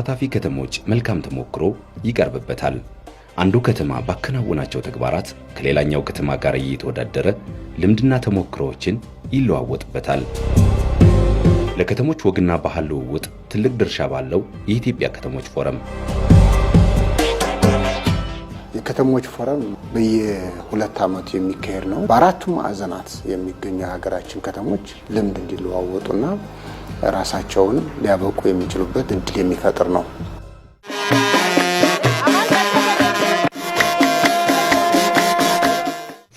ከተሳታፊ ከተሞች መልካም ተሞክሮ ይቀርብበታል። አንዱ ከተማ ባከናወናቸው ተግባራት ከሌላኛው ከተማ ጋር እየተወዳደረ ልምድና ተሞክሮዎችን ይለዋወጥበታል። ለከተሞች ወግና ባህል ልውውጥ ትልቅ ድርሻ ባለው የኢትዮጵያ ከተሞች ፎረም የከተሞች ፎረም በየሁለት ዓመቱ የሚካሄድ ነው። በአራቱ ማዕዘናት የሚገኙ የሀገራችን ከተሞች ልምድ እንዲለዋወጡና ራሳቸውን ሊያበቁ የሚችሉበት እድል የሚፈጥር ነው።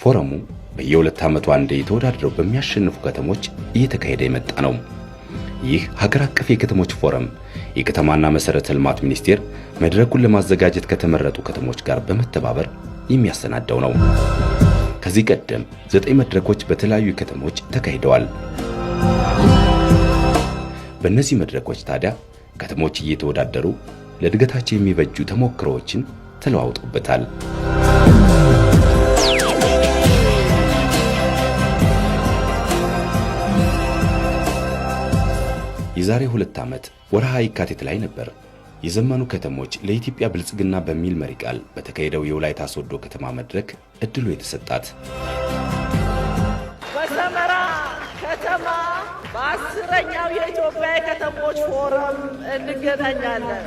ፎረሙ በየሁለት ዓመቱ አንዴ ተወዳድረው በሚያሸንፉ ከተሞች እየተካሄደ የመጣ ነው። ይህ ሀገር አቀፍ የከተሞች ፎረም የከተማና መሠረተ ልማት ሚኒስቴር መድረኩን ለማዘጋጀት ከተመረጡ ከተሞች ጋር በመተባበር የሚያሰናደው ነው። ከዚህ ቀደም ዘጠኝ መድረኮች በተለያዩ ከተሞች ተካሂደዋል። በእነዚህ መድረኮች ታዲያ ከተሞች እየተወዳደሩ ለእድገታቸው የሚበጁ ተሞክሮዎችን ተለዋውጡበታል። የዛሬ ሁለት ዓመት ወርሃ የካቲት ላይ ነበር የዘመኑ ከተሞች ለኢትዮጵያ ብልጽግና በሚል መሪ ቃል በተካሄደው የወላይታ ሶዶ ከተማ መድረክ ዕድሉ የተሰጣት አስረኛው የኢትዮጵያ የከተሞች ፎረም እንገናኛለን።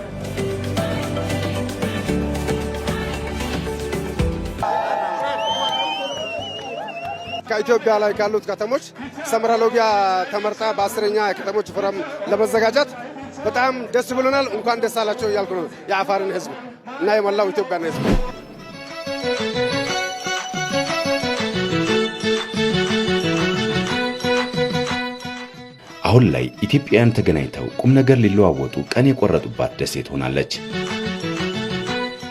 ከኢትዮጵያ ላይ ካሉት ከተሞች ሰመራ ሎጊያ ተመርጣ በአስረኛ የከተሞች ፎረም ለመዘጋጀት በጣም ደስ ብሎናል። እንኳን ደስ አላቸው እያልኩ ነው የአፋርን ሕዝብ እና የመላው ኢትዮጵያን ሕዝብ አሁን ላይ ኢትዮጵያውያን ተገናኝተው ቁም ነገር ሊለዋወጡ ቀን የቆረጡባት ደሴት ሆናለች።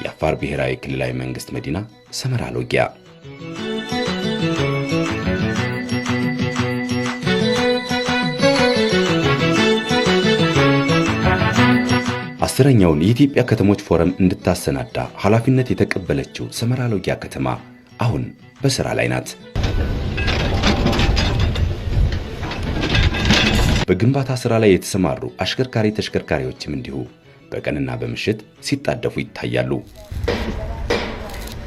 የአፋር ብሔራዊ ክልላዊ መንግስት መዲና ሰመራ ሎጊያ። አስረኛውን የኢትዮጵያ ከተሞች ፎረም እንድታሰናዳ ኃላፊነት የተቀበለችው ሰመራ ሎጊያ ከተማ አሁን በሥራ ላይ ናት። በግንባታ ስራ ላይ የተሰማሩ አሽከርካሪ ተሽከርካሪዎችም እንዲሁ በቀንና በምሽት ሲጣደፉ ይታያሉ።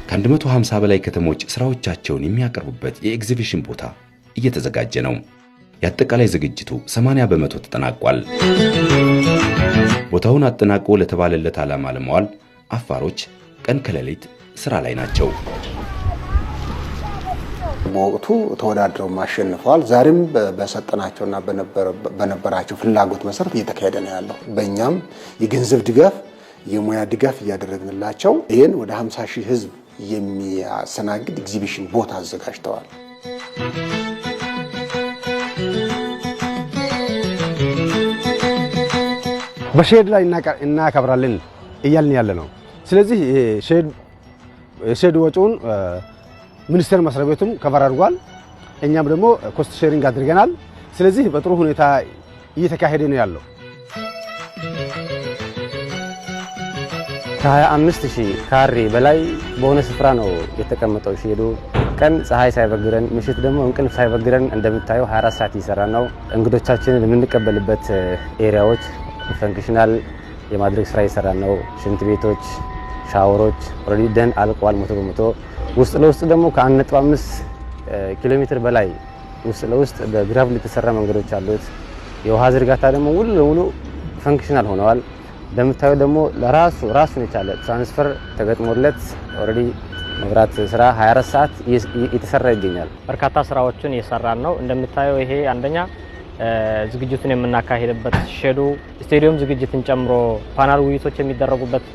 ከ150 በላይ ከተሞች ስራዎቻቸውን የሚያቀርቡበት የኤግዚቢሽን ቦታ እየተዘጋጀ ነው። የአጠቃላይ ዝግጅቱ 80 በመቶ ተጠናቋል። ቦታውን አጠናቆ ለተባለለት ዓላማ ለመዋል አፋሮች ቀን ከሌሊት ስራ ላይ ናቸው። በወቅቱ ተወዳድረው አሸንፈዋል። ዛሬም በሰጠናቸውና በነበራቸው ፍላጎት መሰረት እየተካሄደ ነው ያለው። በእኛም የገንዘብ ድጋፍ፣ የሙያ ድጋፍ እያደረግንላቸው ይህን ወደ 50 ሺህ ህዝብ የሚያስተናግድ ኤግዚቢሽን ቦታ አዘጋጅተዋል። በሼድ ላይ እናከብራለን እያልን ያለ ነው። ስለዚህ ሼድ ወጪውን ሚኒስቴር መስሪያ ቤቱም ከቨር አድርጓል። እኛም ደግሞ ኮስት ሼሪንግ አድርገናል። ስለዚህ በጥሩ ሁኔታ እየተካሄደ ነው ያለው። ከ25 ሺህ ካሬ በላይ በሆነ ስፍራ ነው የተቀመጠው ሼዱ። ቀን ፀሐይ ሳይበግረን ምሽት ደግሞ እንቅልፍ ሳይበግረን እንደምታየው 24 ሰዓት እየሰራ ነው። እንግዶቻችንን የምንቀበልበት ኤሪያዎች ፈንክሽናል የማድረግ ስራ እየሰራ ነው። ሽንት ቤቶች፣ ሻወሮች ኦልሬዲ ደን አልቋል መቶ በመቶ ውስጥ ለውስጥ ደግሞ ከ1.5 ኪሎ ሜትር በላይ ውስጥ ለውስጥ በግራቭል የተሰራ መንገዶች አሉት። የውሃ ዝርጋታ ደግሞ ሙሉ ለሙሉ ፈንክሽናል ሆነዋል። እንደምታዩ ደግሞ ለራሱ ራሱን የቻለ ትራንስፈር ተገጥሞለት ኦልሬዲ መብራት ስራ 24 ሰዓት እየተሰራ ይገኛል። በርካታ ስራዎችን እየሰራን ነው። እንደምታየው ይሄ አንደኛ ዝግጅቱን የምናካሄድበት ሼዱ፣ ስቴዲየም ዝግጅትን ጨምሮ ፓናል ውይይቶች የሚደረጉበት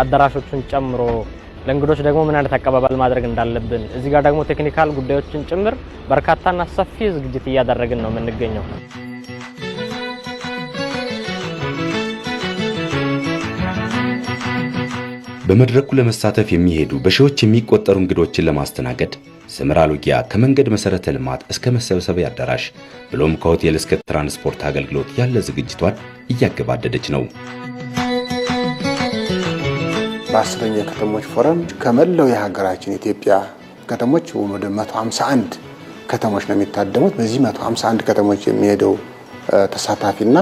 አዳራሾቹን ጨምሮ ለእንግዶች ደግሞ ምን አይነት አቀባበል ማድረግ እንዳለብን እዚህ ጋር ደግሞ ቴክኒካል ጉዳዮችን ጭምር በርካታና ሰፊ ዝግጅት እያደረግን ነው የምንገኘው። በመድረኩ ለመሳተፍ የሚሄዱ በሺዎች የሚቆጠሩ እንግዶችን ለማስተናገድ ሰመራ ሎጊያ ከመንገድ መሰረተ ልማት እስከ መሰብሰቢያ አዳራሽ ብሎም ከሆቴል እስከ ትራንስፖርት አገልግሎት ያለ ዝግጅቷን እያገባደደች ነው። በአስረኛ ከተሞች ፎረም ከመላው የሀገራችን ኢትዮጵያ ከተሞች ወደ 151 ከተሞች ነው የሚታደሙት። በዚህ 151 ከተሞች የሚሄደው ተሳታፊና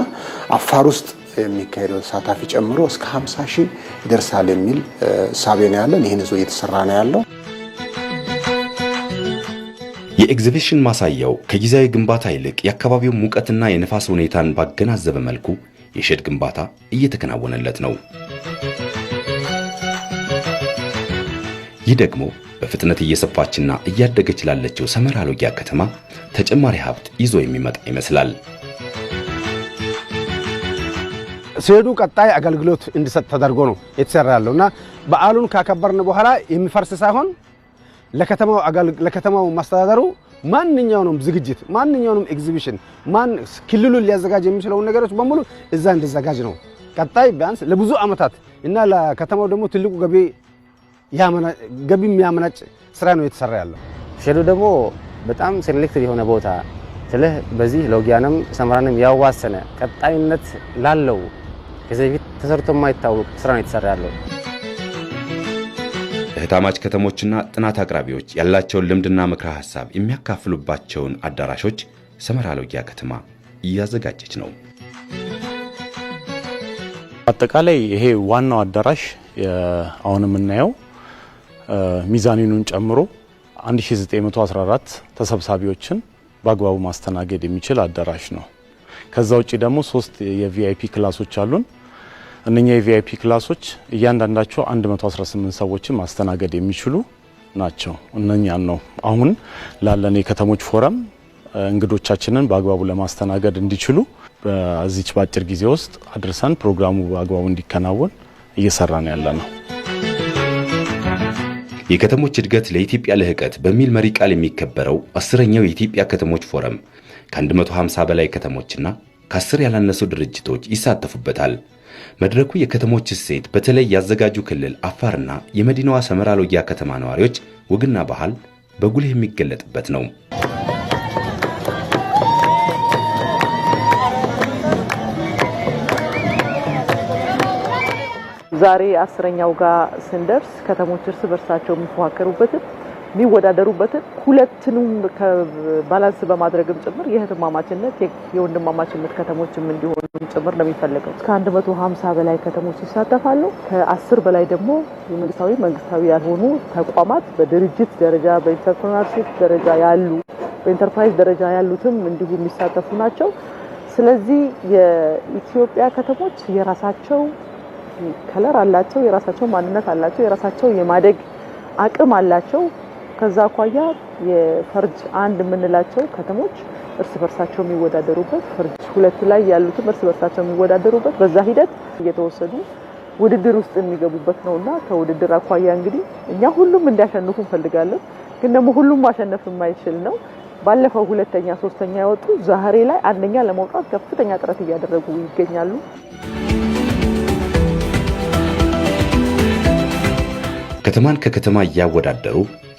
አፋር ውስጥ የሚካሄደው ተሳታፊ ጨምሮ እስከ 50 ሺህ ይደርሳል የሚል እሳቤ ነው ያለን። ይህን ይዞ እየተሰራ ነው ያለው። የኤግዚቢሽን ማሳያው ከጊዜያዊ ግንባታ ይልቅ የአካባቢው ሙቀትና የነፋስ ሁኔታን ባገናዘበ መልኩ የሼድ ግንባታ እየተከናወነለት ነው። ይህ ደግሞ በፍጥነት እየሰፋችና እያደገች ላለችው ሰመራ ሎጊያ ከተማ ተጨማሪ ሀብት ይዞ የሚመጣ ይመስላል። ሲሄዱ ቀጣይ አገልግሎት እንዲሰጥ ተደርጎ ነው የተሰራ ያለው እና በዓሉን ካከበርን በኋላ የሚፈርስ ሳይሆን ለከተማው ማስተዳደሩ ማንኛውንም ዝግጅት ማንኛውንም ኤግዚቢሽን ክልሉን ሊያዘጋጅ የሚችለውን ነገሮች በሙሉ እዛ እንዲዘጋጅ ነው። ቀጣይ ቢያንስ ለብዙ ዓመታት እና ለከተማው ደግሞ ትልቁ ገቢ ገቢ የሚያመናጭ ስራ ነው የተሰራ ያለው። ሸዶ ደግሞ በጣም ሴሌክትድ የሆነ ቦታ ስለህ በዚህ ሎጊያንም ሰመራንም ያዋሰነ ቀጣይነት ላለው ከዚህ በፊት ተሰርቶ የማይታወቅ ስራ ነው የተሰራ ያለው። እህታማች ከተሞችና ጥናት አቅራቢዎች ያላቸውን ልምድና ምክረ ሀሳብ የሚያካፍሉባቸውን አዳራሾች ሰመራ ሎጊያ ከተማ እያዘጋጀች ነው። አጠቃላይ ይሄ ዋናው አዳራሽ አሁን የምናየው ሚዛኒኑን ጨምሮ 1914 ተሰብሳቢዎችን በአግባቡ ማስተናገድ የሚችል አዳራሽ ነው። ከዛ ውጪ ደግሞ ሶስት የቪአይፒ ክላሶች አሉን። እነኛ የቪአይፒ ክላሶች እያንዳንዳቸው 118 ሰዎችን ማስተናገድ የሚችሉ ናቸው። እነኛን ነው አሁን ላለን የከተሞች ፎረም እንግዶቻችንን በአግባቡ ለማስተናገድ እንዲችሉ በዚች በአጭር ጊዜ ውስጥ አድርሰን ፕሮግራሙ በአግባቡ እንዲከናወን እየሰራን ያለ ነው። የከተሞች እድገት ለኢትዮጵያ ልህቀት በሚል መሪ ቃል የሚከበረው አስረኛው የኢትዮጵያ ከተሞች ፎረም ከ150 በላይ ከተሞችና ከአስር ያላነሱ ድርጅቶች ይሳተፉበታል። መድረኩ የከተሞች እሴት በተለይ ያዘጋጁ ክልል አፋርና የመዲናዋ ሰመራ ሎጊያ ከተማ ነዋሪዎች ወግና ባህል በጉልህ የሚገለጥበት ነው። ዛሬ አስረኛው ጋር ስንደርስ ከተሞች እርስ በርሳቸው የሚፎካከሩበትን የሚወዳደሩበትን ሁለትንም ባላንስ በማድረግም ጭምር የህትማማችነት የወንድማማችነት ከተሞችም እንዲሆኑ ጭምር ነው የሚፈለገው። እስከ 150 በላይ ከተሞች ይሳተፋሉ። ከ10 በላይ ደግሞ የመንግስታዊ መንግስታዊ ያልሆኑ ተቋማት በድርጅት ደረጃ በኢንተርፕርነርሺፕ ደረጃ ያሉ በኢንተርፕራይዝ ደረጃ ያሉትም እንዲሁ የሚሳተፉ ናቸው። ስለዚህ የኢትዮጵያ ከተሞች የራሳቸው ከለር አላቸው፣ የራሳቸው ማንነት አላቸው፣ የራሳቸው የማደግ አቅም አላቸው። ከዛ አኳያ የፈርጅ አንድ የምንላቸው ከተሞች እርስ በርሳቸው የሚወዳደሩበት ፈርጅ ሁለት ላይ ያሉትም እርስ በርሳቸው የሚወዳደሩበት በዛ ሂደት እየተወሰዱ ውድድር ውስጥ የሚገቡበት ነው እና ከውድድር አኳያ እንግዲህ እኛ ሁሉም እንዲያሸንፉ እንፈልጋለን። ግን ደግሞ ሁሉም ማሸነፍ የማይችል ነው። ባለፈው ሁለተኛ፣ ሶስተኛ የወጡ ዛሬ ላይ አንደኛ ለመውጣት ከፍተኛ ጥረት እያደረጉ ይገኛሉ። ከተማን ከከተማ እያወዳደሩ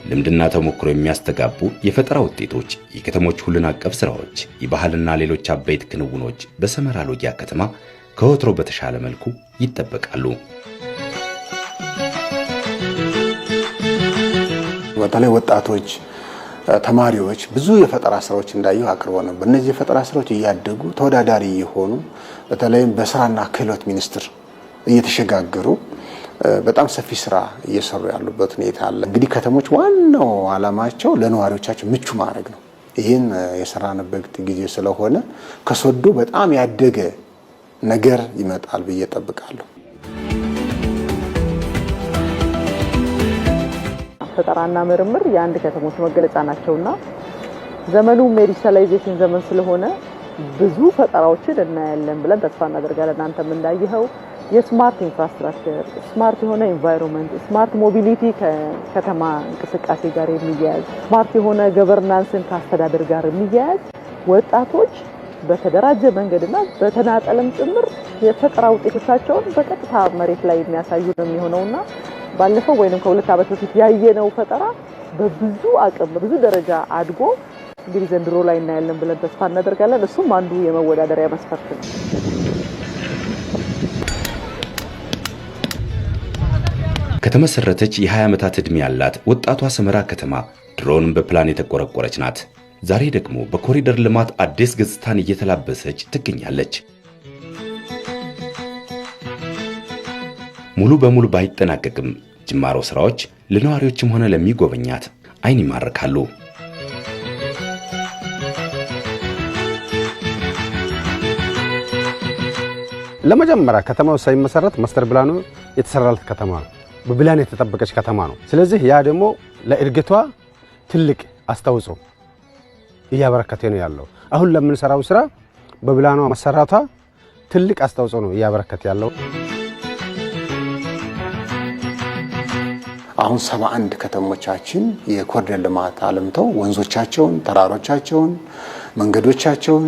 ልምድና ተሞክሮ የሚያስተጋቡ የፈጠራ ውጤቶች፣ የከተሞች ሁሉን አቀፍ ስራዎች፣ የባህልና ሌሎች አበይት ክንውኖች በሰመራ ሎጊያ ከተማ ከወትሮ በተሻለ መልኩ ይጠበቃሉ። በተለይ ወጣቶች፣ ተማሪዎች ብዙ የፈጠራ ስራዎች እንዳየሁ አቅርቦ ነው። በእነዚህ የፈጠራ ስራዎች እያደጉ ተወዳዳሪ የሆኑ በተለይም በስራና ክህሎት ሚኒስቴር እየተሸጋገሩ በጣም ሰፊ ስራ እየሰሩ ያሉበት ሁኔታ አለ። እንግዲህ ከተሞች ዋናው አላማቸው ለነዋሪዎቻቸው ምቹ ማድረግ ነው። ይህን የሰራንበት ጊዜ ስለሆነ ከሶዶ በጣም ያደገ ነገር ይመጣል ብዬ ጠብቃለሁ። ፈጠራና ምርምር የአንድ ከተሞች መገለጫ ናቸውና ዘመኑ ሜሪሻላይዜሽን ዘመን ስለሆነ ብዙ ፈጠራዎችን እናያለን ብለን ተስፋ እናደርጋለን። እናንተም እንዳየኸው የስማርት ኢንፍራስትራክቸር፣ ስማርት የሆነ ኢንቫይሮንመንት፣ ስማርት ሞቢሊቲ ከከተማ እንቅስቃሴ ጋር የሚያያዝ ስማርት የሆነ ገቨርናንስን ከአስተዳደር ጋር የሚያያዝ ወጣቶች በተደራጀ መንገድና በተናጠለም ጭምር የፈጠራ ውጤቶቻቸውን በቀጥታ መሬት ላይ የሚያሳዩ ነው የሚሆነውና ባለፈው ወይም ከሁለት ዓመት በፊት ያየነው ፈጠራ በብዙ አቅም በብዙ ደረጃ አድጎ እንግዲህ ዘንድሮ ላይ እናያለን ብለን ተስፋ እናደርጋለን። እሱም አንዱ የመወዳደሪያ መስፈርት ነው። ከተመሰረተች የ20 ዓመታት ዕድሜ ያላት ወጣቷ ሰመራ ከተማ ድሮውንም በፕላን የተቆረቆረች ናት። ዛሬ ደግሞ በኮሪደር ልማት አዲስ ገጽታን እየተላበሰች ትገኛለች። ሙሉ በሙሉ ባይጠናቀቅም ጅማሮ ስራዎች ለነዋሪዎችም ሆነ ለሚጎበኛት አይን ይማርካሉ። ለመጀመሪያ ከተማው ሳይመሰረት ማስተር ፕላኑ የተሰራለት ከተማ ነው። በፕላን የተጠበቀች ከተማ ነው። ስለዚህ ያ ደግሞ ለእድገቷ ትልቅ አስተዋጽኦ እያበረከተ ነው ያለው። አሁን ለምንሰራው ስራ በፕላኗ መሰራቷ ትልቅ አስተዋጽኦ ነው እያበረከተ ያለው። አሁን ሰባ አንድ ከተሞቻችን የኮሪደር ልማት አልምተው ወንዞቻቸውን፣ ተራሮቻቸውን፣ መንገዶቻቸውን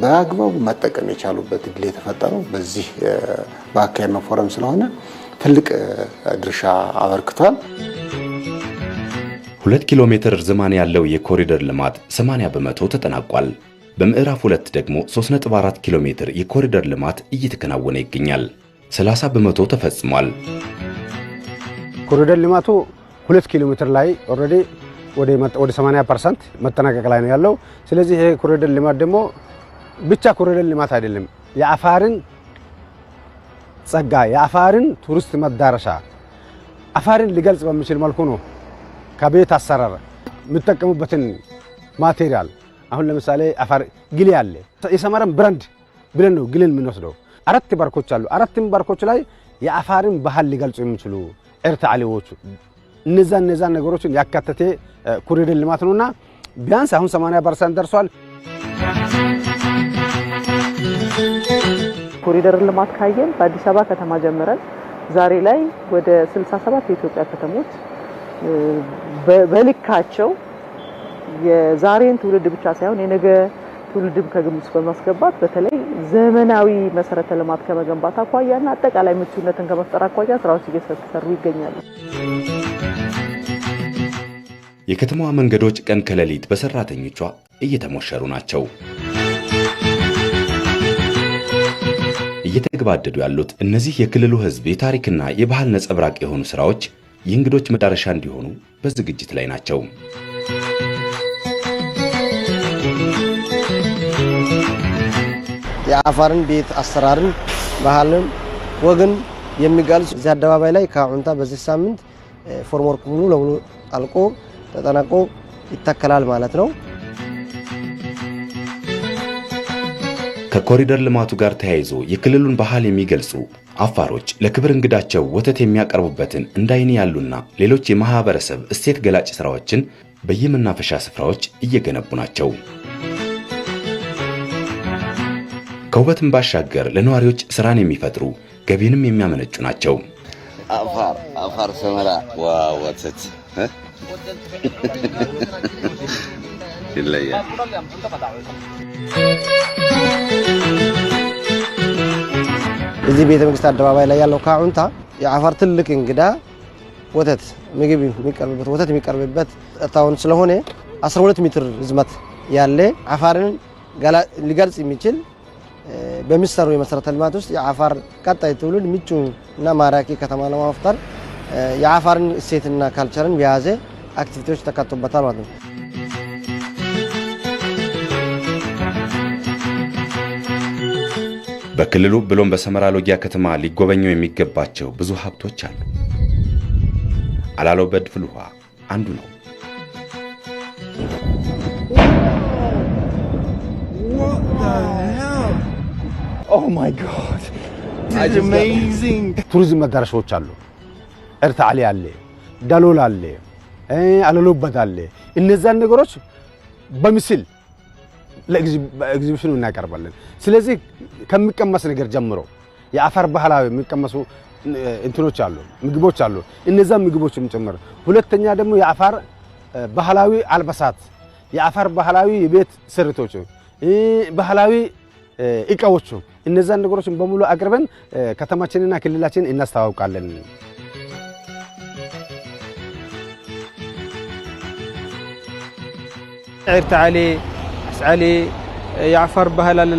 በአግባቡ መጠቀም የቻሉበት እድል የተፈጠረው በዚህ ነው ፎረም ስለሆነ ትልቅ ድርሻ አበርክቷል። ሁለት ኪሎ ሜትር እርዝማን ያለው የኮሪደር ልማት 80 በመቶ ተጠናቋል። በምዕራፍ ሁለት ደግሞ 3.4 ኪሎ ሜትር የኮሪደር ልማት እየተከናወነ ይገኛል። 30 በመቶ ተፈጽሟል። ኮሪደር ልማቱ ሁለት ኪሎ ሜትር ላይ ኦልሬዲ ወደ 80 ፐርሰንት መጠናቀቅ ላይ ነው ያለው። ስለዚህ ይሄ ኮሪደር ልማት ደግሞ ብቻ ኮሪደር ልማት አይደለም፣ የአፋርን ጸጋ፣ የአፋርን ቱሪስት መዳረሻ አፋርን ሊገልጽ በሚችል መልኩ ነው ከቤት አሰራር የሚጠቀሙበትን ማቴሪያል አሁን ለምሳሌ አፋር ግል አለ። የሰመራን ብራንድ ብለን ነው ግልን የምንወስደው። አራት ባርኮች አሉ። አራትም ባርኮች ላይ የአፋርን ባህል ሊገልጹ የሚችሉ ኤርታ አሌዎቹ እነዛ እነዛ ነገሮችን ያካተተ ኮሪደር ልማት ነውና ቢያንስ አሁን 80 ፐርሰንት ደርሷል። ኮሪደር ልማት ካየን በአዲስ አበባ ከተማ ጀምረን ዛሬ ላይ ወደ 67 የኢትዮጵያ ከተሞች በልካቸው የዛሬን ትውልድ ብቻ ሳይሆን የነገ ትውልድም ከግምት በማስገባት በተለይ ዘመናዊ መሰረተ ልማት ከመገንባት አኳያና አጠቃላይ ምቹነትን ከመፍጠር አኳያ ስራዎች እየተሰሩ ይገኛሉ። የከተማዋ መንገዶች ቀን ከሌሊት በሰራተኞቿ እየተሞሸሩ ናቸው። እየተግባደዱ ያሉት እነዚህ የክልሉ ሕዝብ የታሪክና የባህል ነጸብራቅ የሆኑ ስራዎች የእንግዶች መዳረሻ እንዲሆኑ በዝግጅት ላይ ናቸው። የአፋርን ቤት አሰራርን፣ ባህልን፣ ወግን የሚጋልጽ እዚህ አደባባይ ላይ ከአሁንታ በዚህ ሳምንት ፎርምወርክ ሙሉ ለሙሉ አልቆ ተጠናቆ ይተከላል ማለት ነው። ከኮሪደር ልማቱ ጋር ተያይዞ የክልሉን ባህል የሚገልጹ አፋሮች ለክብር እንግዳቸው ወተት የሚያቀርቡበትን እንዳይኔ ያሉና ሌሎች የማህበረሰብ እሴት ገላጭ ስራዎችን በየመናፈሻ ስፍራዎች እየገነቡ ናቸው። ከውበትም ባሻገር ለነዋሪዎች ስራን የሚፈጥሩ ገቢንም የሚያመነጩ ናቸው። አፋር አፋር ሰመራ ዋ ወተት ይለያል። እዚህ ቤተ መንግስት አደባባይ ላይ ያለው ካዑንታ የአፋር ትልቅ እንግዳ ወተት ምግብ የሚቀርብበት ወተት የሚቀርብበት ታውን ስለሆነ 12 ሜትር ርዝመት ያለ አፋርን ሊገልጽ የሚችል በሚሰሩ የመሰረተ ልማት ውስጥ የአፋር ቀጣይ ትውልድ ምቹ እና ማራኪ ከተማ ለማፍጠር የአፋርን እሴትና ካልቸርን የያዘ አክቲቪቲዎች ተካቶበታል ማለት ነው። በክልሉ ብሎም በሰመራ ሎጊያ ከተማ ሊጎበኘው የሚገባቸው ብዙ ሀብቶች አሉ። አላለው በድፍል ውሃ አንዱ ነው። Oh ቱሪዝም መዳረሻዎች አሉ። ኤርታሌ አለ፣ ዳሎል አለ፣ አለሎበት አለ። እነዛን ነገሮች በምስል ለኤግዚቢሽኑ እናቀርባለን። ስለዚህ ከሚቀመስ ነገር ጀምሮ የአፈር ባህላዊ የሚቀመሱ እንትኖች አሉ፣ ምግቦች አሉ። እነዛ ምግቦችም ጭምር። ሁለተኛ ደግሞ የአፋር ባህላዊ አልባሳት፣ የአፈር ባህላዊ የቤት ስርቶች ባህላዊ እቃዎች። እነዛን ነገሮችን በሙሉ አቅርበን ከተማችንና ክልላችን እናስተዋውቃለን። ዒርታ ዓሌ አስዓሌ የአፋር ባህል አለ።